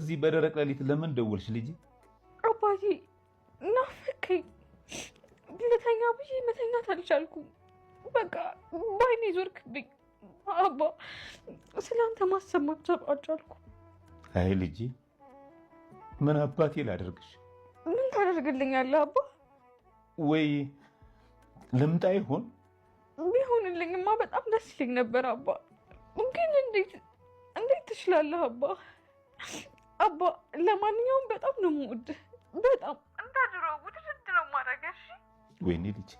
እዚህ በደረቅ ሌሊት ለምን ደወልሽ ልጅ? አባቴ ናፈቀኝ። ልተኛ ብዬ መተኛት አልቻልኩም። በቃ በአይኔ ዞርክብኝ። አባ ስለአንተ ማሰብ ማሰብ አልቻልኩም። አይ ልጅ ምን አባቴ ላደርግሽ? ምን ታደርግልኛለህ አባ? ወይ ልምጣ ይሆን? ቢሆንልኝማ በጣም ደስ ይለኝ ነበር አባ። ግን እንዴት እንዴት ትችላለህ አባ? አባ ለማንኛውም በጣም ነው የምወድህ። በጣም እንደ ድሮ ውድድ ነው የማደርገሽ። ወይኔ ልጅ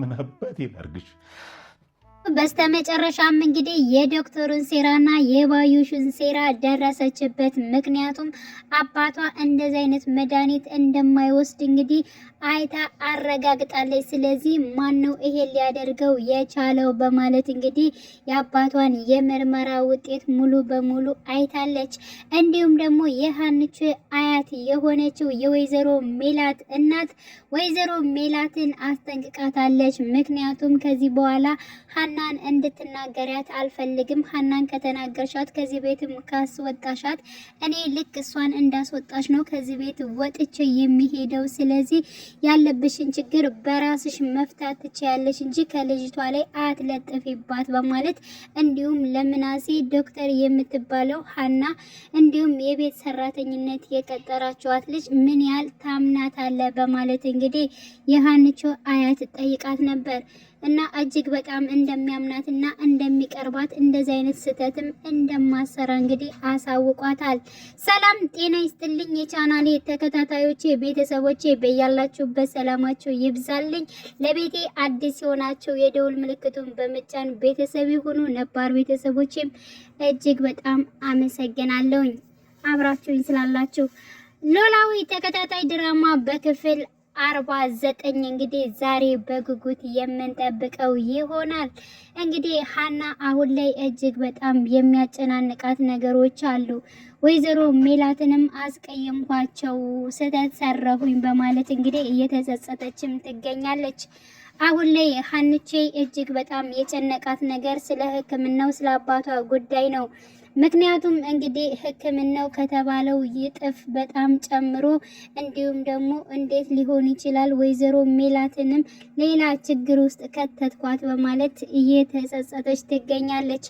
ምን አባቴ ላርግሽ። በስተመጨረሻም እንግዲህ የዶክተሩን ሴራና የባዩሽን ሴራ ደረሰችበት። ምክንያቱም አባቷ እንደዚህ አይነት መድኃኒት እንደማይወስድ እንግዲህ አይታ አረጋግጣለች። ስለዚህ ማን ነው ይሄ ሊያደርገው የቻለው በማለት እንግዲህ የአባቷን የምርመራ ውጤት ሙሉ በሙሉ አይታለች። እንዲሁም ደግሞ የሀንች አያት የሆነችው የወይዘሮ ሜላት እናት ወይዘሮ ሜላትን አስጠንቅቃታለች። ምክንያቱም ከዚህ በኋላ ሀናን እንድትናገሪያት አልፈልግም። ሀናን ከተናገርሻት ከዚህ ቤት ካስወጣሻት እኔ ልክ እሷን እንዳስወጣሽ ነው ከዚህ ቤት ወጥቼ የሚሄደው። ስለዚህ ያለብሽን ችግር በራስሽ መፍታት ትችያለሽ እንጂ ከልጅቷ ላይ አትለጥፊባት በማለት እንዲሁም ለምናሴ ዶክተር የምትባለው ሀና እንዲሁም የቤት ሰራተኝነት የቀጠራችኋት ልጅ ምን ያህል ታምናት አለ በማለት እንግዲህ የሀንቾ አያት ጠይቃት ነበር። እና እጅግ በጣም እንደሚያምናት እና እንደሚቀርባት እንደዚህ አይነት ስህተትም እንደማሰራ እንግዲህ አሳውቋታል። ሰላም ጤና ይስጥልኝ የቻናሌ ተከታታዮቼ ቤተሰቦቼ፣ በያላችሁበት ሰላማቸው ይብዛልኝ። ለቤቴ አዲስ የሆናችሁ የደውል ምልክቱን በመጫን ቤተሰብ የሆኑ ነባር ቤተሰቦቼም እጅግ በጣም አመሰግናለሁኝ አብራችሁኝ ስላላችሁ። ኖላዊ ተከታታይ ድራማ በክፍል አርባ ዘጠኝ እንግዲህ ዛሬ በጉጉት የምንጠብቀው ይሆናል። እንግዲህ ሀና አሁን ላይ እጅግ በጣም የሚያጨናንቃት ነገሮች አሉ። ወይዘሮ ሜላትንም አስቀየምኳቸው፣ ስህተት በማለት እንግዲህ እየተጸጸተችም ትገኛለች። አሁን ላይ ሀንቼ እጅግ በጣም የጨነቃት ነገር ስለ ሕክምናው ስለ አባቷ ጉዳይ ነው። ምክንያቱም እንግዲህ ሕክምናው ከተባለው ይጥፍ በጣም ጨምሮ እንዲሁም ደግሞ እንዴት ሊሆን ይችላል ወይዘሮ ሜላትንም ሌላ ችግር ውስጥ ከተትኳት በማለት እየተጸጸተች ትገኛለች።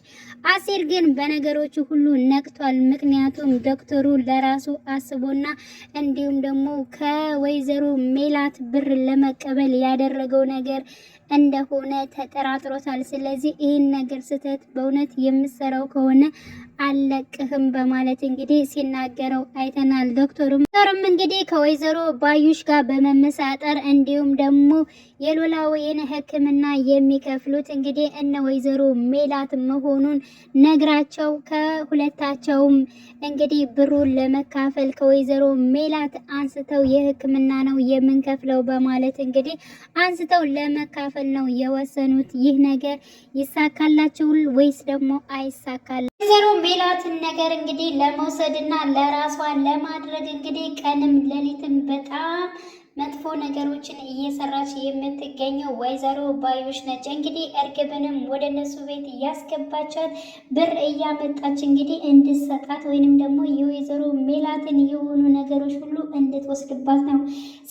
አሴር ግን በነገሮቹ ሁሉ ነቅቷል። ምክንያቱም ዶክተሩ ለራሱ አስቦና እንዲሁም ደግሞ ከወይዘሮ ሜላት ብር ለመቀበል ያደረገው ነገር እንደሆነ ተጠራጥሮታል። ስለዚህ ይህን ነገር ስህተት በእውነት የምሰራው ከሆነ አለቅህም በማለት እንግዲህ ሲናገረው አይተናል። ዶክተሩም ዶክተሩም እንግዲህ ከወይዘሮ ባዩሽ ጋር በመመሳጠር እንዲሁም ደግሞ ወይን ሕክምና የሚከፍሉት እንግዲህ እነ ወይዘሮ ሜላት መሆኑን ነግራቸው ከሁለታቸውም እንግዲህ ብሩን ለመካፈል ከወይዘሮ ሜላት አንስተው የሕክምና ነው የምንከፍለው በማለት እንግዲህ አንስተው ለመካፈል ለመካፈል ነው የወሰኑት። ይህ ነገር ይሳካላቸው ወይስ ደግሞ አይሳካል? ወይዘሮ ሜላትን ነገር እንግዲህ ለመውሰድና ለራሷ ለማድረግ እንግዲህ ቀንም ሌሊትም በጣም መጥፎ ነገሮችን እየሰራች የምትገኘው ወይዘሮ ባዮሽ ነች። እንግዲህ እርግብንም ወደ እነሱ ቤት እያስገባቻት ብር እያመጣች እንግዲህ እንድሰጣት ወይንም ደግሞ የወይዘሮ ሜላትን የሆኑ ነገሮች ሁሉ እንድትወስድባት ነው።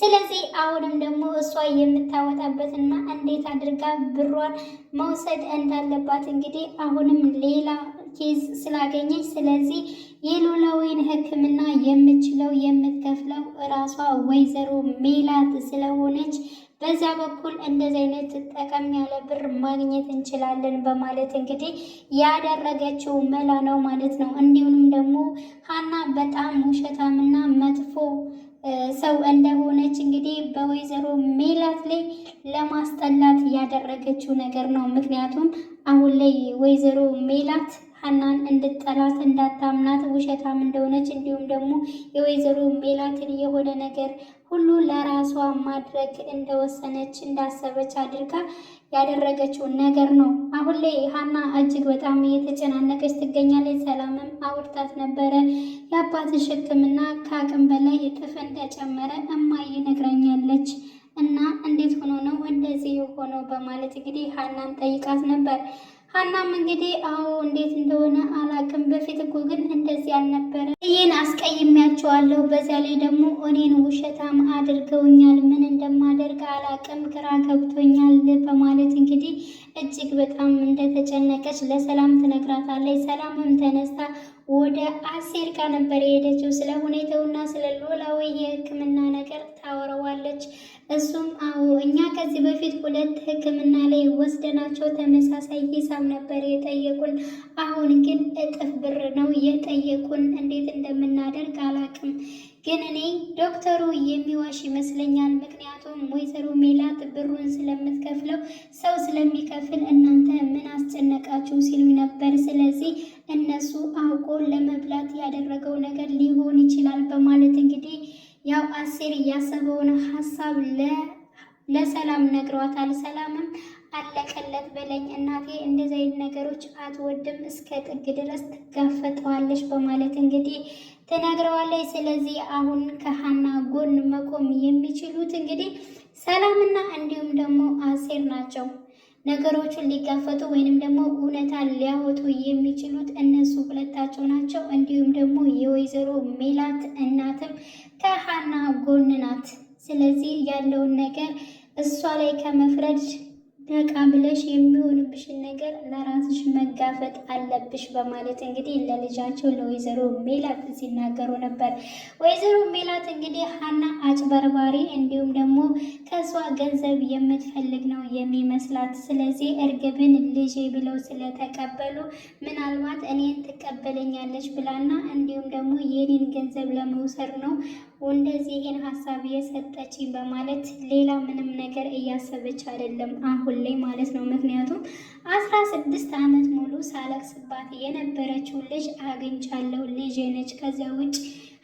ስለዚህ አሁንም ደግሞ እሷ የምታወጣበትና እንዴት አድርጋ ብሯን መውሰድ እንዳለባት እንግዲህ አሁንም ሌላ ኬዝ ስላገኘች፣ ስለዚህ የሉላዊን ሕክምና የምችለው የምትከፍለው እራሷ ወይዘሮ ሜላት ስለሆነች በዛ በኩል እንደዚህ አይነት ጠቀም ያለ ብር ማግኘት እንችላለን በማለት እንግዲህ ያደረገችው መላ ነው ማለት ነው። እንዲሁም ደግሞ ሀና በጣም ውሸታምና መጥፎ ሰው እንደሆነች እንግዲህ በወይዘሮ ሜላት ላይ ለማስጠላት ያደረገችው ነገር ነው። ምክንያቱም አሁን ላይ ወይዘሮ ሜላት ሀናን እንድጠላት እንዳታምናት ውሸታም እንደሆነች እንዲሁም ደግሞ የወይዘሮ ሜላትን የሆነ ነገር ሁሉ ለራሷ ማድረግ እንደወሰነች እንዳሰበች አድርጋ ያደረገችው ነገር ነው። አሁን ላይ ሀና እጅግ በጣም እየተጨናነቀች ትገኛለች። ሰላምም አውርታት ነበረ። የአባትሽ ሕክምና ከአቅም በላይ እጥፍ እንደጨመረ እማዬ ነግራኛለች እና እንዴት ሆኖ ነው እንደዚህ የሆነው በማለት እንግዲህ ሀናን ጠይቃት ነበር። ሀናም እንግዲህ አዎ እንዴት እንደሆነ አላቅም። በፊት እኮ ግን እንደዚህ አልነበረ። ይህን አስቀይሜያቸዋለሁ። በዚያ ላይ ደግሞ እኔን ውሸታም አድርገውኛል። ምን እንደማደርግ አላቅም ግራ ገብቶኛል በማለት እንግዲህ እጅግ በጣም እንደተጨነቀች ለሰላም ትነግራታለች። ሰላምም ተነስታ ወደ አሴር ጋር ነበር የሄደችው። ስለ ሁኔታውና ስለ ኖላዊ የሕክምና ነገር ታወረዋለች። እሱም አዎ እኛ ከዚህ በፊት ሁለት ሕክምና ላይ ወስደናቸው ተመሳሳይ ሂሳብ ነበር የጠየቁን። አሁን ግን እጥፍ ብር ነው የጠየቁን። እንዴት እንደምናደርግ አላቅም። ግን እኔ ዶክተሩ የሚዋሽ ይመስለኛል። ምክንያቱም ወይዘሮ ሜላት ብሩን ስለምትከፍለው ሰው ስለሚከፍል እናንተ ምን አስጨነቃችሁ ሲሉ ነበር። ስለዚህ እነሱ አውቆ ለመብላት ያደረገው ነገር ሊሆን ይችላል በማለት እንግዲህ ያው አሴር እያሰበውን ሀሳብ ለሰላም ነግሯታል። ሰላምም አለቀለት በለኝ እናቴ እንደዚህ አይነት ነገሮች አትወድም፣ እስከ ጥግ ድረስ ትጋፈጠዋለች በማለት እንግዲህ ትነግረዋለች። ስለዚህ አሁን ከሀና ጎን መቆም የሚችሉት እንግዲህ ሰላምና እንዲሁም ደግሞ አሴር ናቸው። ነገሮቹን ሊጋፈጡ ወይንም ደግሞ እውነታ ሊያወጡ የሚችሉት እነሱ ሁለታቸው ናቸው። እንዲሁም ደግሞ የወይዘሮ ሜላት እናትም ከሀና ጎን ናት። ስለዚህ ያለውን ነገር እሷ ላይ ከመፍረድ ነቃ ብለሽ የሚሆንብሽን ነገር ለራስሽ መጋፈጥ አለብሽ በማለት እንግዲህ ለልጃቸው ለወይዘሮ ሜላት ሲናገሩ ነበር። ወይዘሮ ሜላት እንግዲህ ሀና አጭበርባሪ እንዲሁም ደግሞ ከእሷ ገንዘብ የምትፈልግ ነው የሚመስላት። ስለዚህ እርግብን ልጄ ብለው ስለተቀበሉ ምናልባት እኔን ትቀበለኛለች ብላና እንዲሁም ደግሞ የኔን ገንዘብ ለመውሰድ ነው እንደዚህ ይሄን ሀሳብ የሰጠችኝ በማለት ሌላ ምንም ነገር እያሰበች አይደለም አሁን ላይ ማለት ነው። ምክንያቱም አስራ ስድስት አመት ሙሉ ሳለቅስባት የነበረችው ልጅ አግኝቻለሁ፣ ልጄ ነች። ከዚያ ውጭ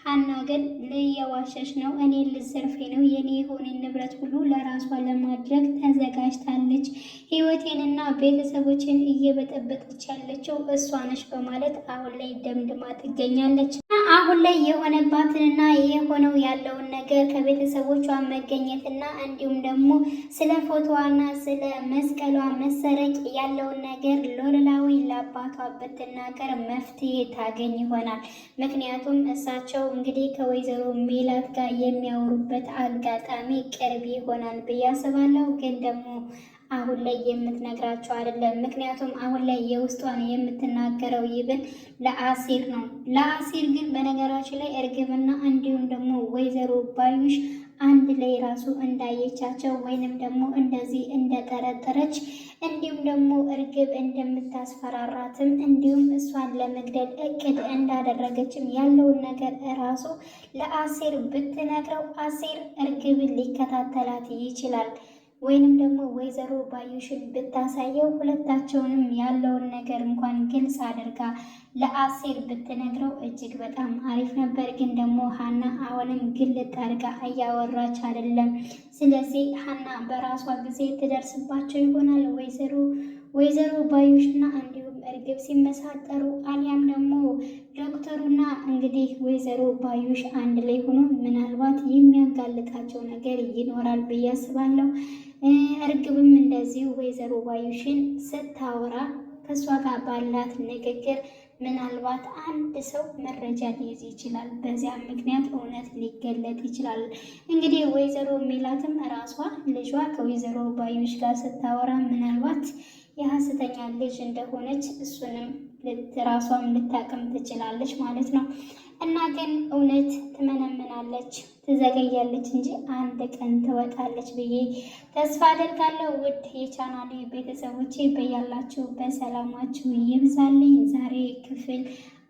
ሀና ግን ልየዋሸሽ ነው፣ እኔ ልዘርፌ ነው፣ የኔ የሆነ ንብረት ሁሉ ለራሷ ለማድረግ ተዘጋጅታለች። ህይወቴንና ቤተሰቦችን እየበጠበጠች ያለችው እሷ ነች በማለት አሁን ላይ ደምድማ ትገኛለች። አሁን ላይ የሆነባትንና የሆነው ያለውን ነገር ከቤተሰቦቿ መገኘትና እንዲሁም ደግሞ ስለ ፎቶዋና ስለ መስቀሏ መሰረቅ ያለውን ነገር ሎላዊ ለአባቷ ብትናገር መፍትሄ ታገኝ ይሆናል። ምክንያቱም እሳቸው እንግዲህ ከወይዘሮ ሜላት ጋር የሚያወሩበት አጋጣሚ ቅርብ ይሆናል ብዬ አስባለሁ ግን ደግሞ አሁን ላይ የምትነግራቸው አይደለም። ምክንያቱም አሁን ላይ የውስጧን የምትናገረው ይብን ለአሲር ነው። ለአሲር ግን በነገራችን ላይ እርግብና እንዲሁም ደግሞ ወይዘሮ ባዩሽ አንድ ላይ ራሱ እንዳየቻቸው ወይንም ደግሞ እንደዚህ እንደጠረጠረች እንዲሁም ደግሞ እርግብ እንደምታስፈራራትም እንዲሁም እሷን ለመግደል እቅድ እንዳደረገችም ያለውን ነገር ራሱ ለአሴር ብትነግረው አሴር እርግብን ሊከታተላት ይችላል። ወይንም ደግሞ ወይዘሮ ባዩሽን ብታሳየው ሁለታቸውንም ያለውን ነገር እንኳን ግልጽ አድርጋ ለአሴር ብትነግረው እጅግ በጣም አሪፍ ነበር። ግን ደግሞ ሀና አሁንም ግልጥ አድርጋ እያወራች አይደለም። ስለዚህ ሀና በራሷ ጊዜ ትደርስባቸው ይሆናል ወይዘሮ ወይዘሮ ባዩሽና እንዲሁም እርግብ ሲመሳጠሩ አሊያም ደግሞ ዶክተሩና እንግዲህ ወይዘሮ ባዩሽ አንድ ላይ ሆኖ ምናልባት የሚያጋልጣቸው ነገር ይኖራል ብዬ አስባለሁ። እርግብም እንደዚሁ ወይዘሮ ባዩሽን ስታወራ ከእሷ ጋር ባላት ንግግር ምናልባት አንድ ሰው መረጃ ሊይዝ ይችላል፣ በዚያ ምክንያት እውነት ሊገለጥ ይችላል። እንግዲህ ወይዘሮ ሚላትም ራሷ ልጇ ከወይዘሮ ባዩሽ ጋር ስታወራ ምናልባት የሀሰተኛ ልጅ እንደሆነች እሱንም ራሷም ልታቅም ትችላለች ማለት ነው። እና ግን እውነት ትመነምናለች፣ ትዘገያለች እንጂ አንድ ቀን ትወጣለች ብዬ ተስፋ አደርጋለሁ። ውድ የቻናሌ ቤተሰቦቼ በያላችሁ በሰላማችሁ ይብዛልኝ። ዛሬ ክፍል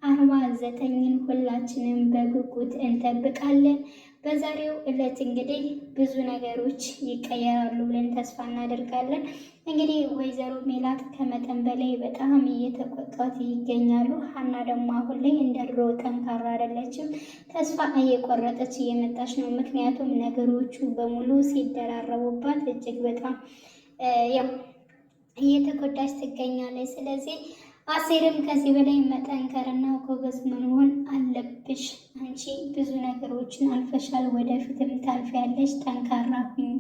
አርባ ዘጠኝን ሁላችንም በጉጉት እንጠብቃለን። በዛሬው ዕለት እንግዲህ ብዙ ነገሮች ይቀየራሉ ብለን ተስፋ እናደርጋለን። እንግዲህ ወይዘሮ ሜላት ከመጠን በላይ በጣም እየተቆጧት ይገኛሉ። ሀና ደግሞ አሁን ላይ እንደ ድሮ ጠንካራ አይደለችም፣ ተስፋ እየቆረጠች እየመጣች ነው። ምክንያቱም ነገሮቹ በሙሉ ሲደራረቡባት እጅግ በጣም ያው እየተጎዳች ትገኛለች። ስለዚህ አሴርም ከዚህ በላይ መጠንከርና ጎበዝ መሆን አለብሽ። አንቺ ብዙ ነገሮችን አልፈሻል፣ ወደፊትም ታልፊያለሽ። ጠንካራ ሁኝ።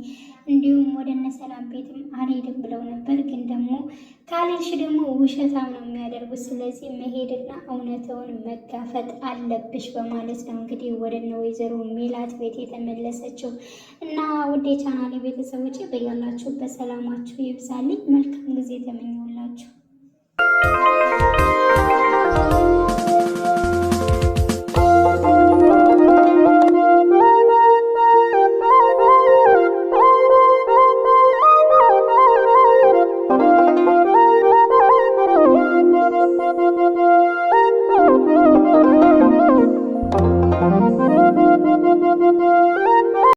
እንዲሁም ወደ እነ ሰላም ቤትም አልሄድም ብለው ነበር፣ ግን ደግሞ ካልሄድሽ ደግሞ ውሸታም ነው የሚያደርጉት። ስለዚህ መሄድና እውነተውን መጋፈጥ አለብሽ በማለት ነው እንግዲህ ወደ እነ ወይዘሮ ሜላት ቤት የተመለሰችው እና ወደ ቻናሌ ቤተሰቦች በያላችሁ በሰላማችሁ ይብዛልኝ። መልካም ጊዜ ተመኘውላችሁ። Thank you.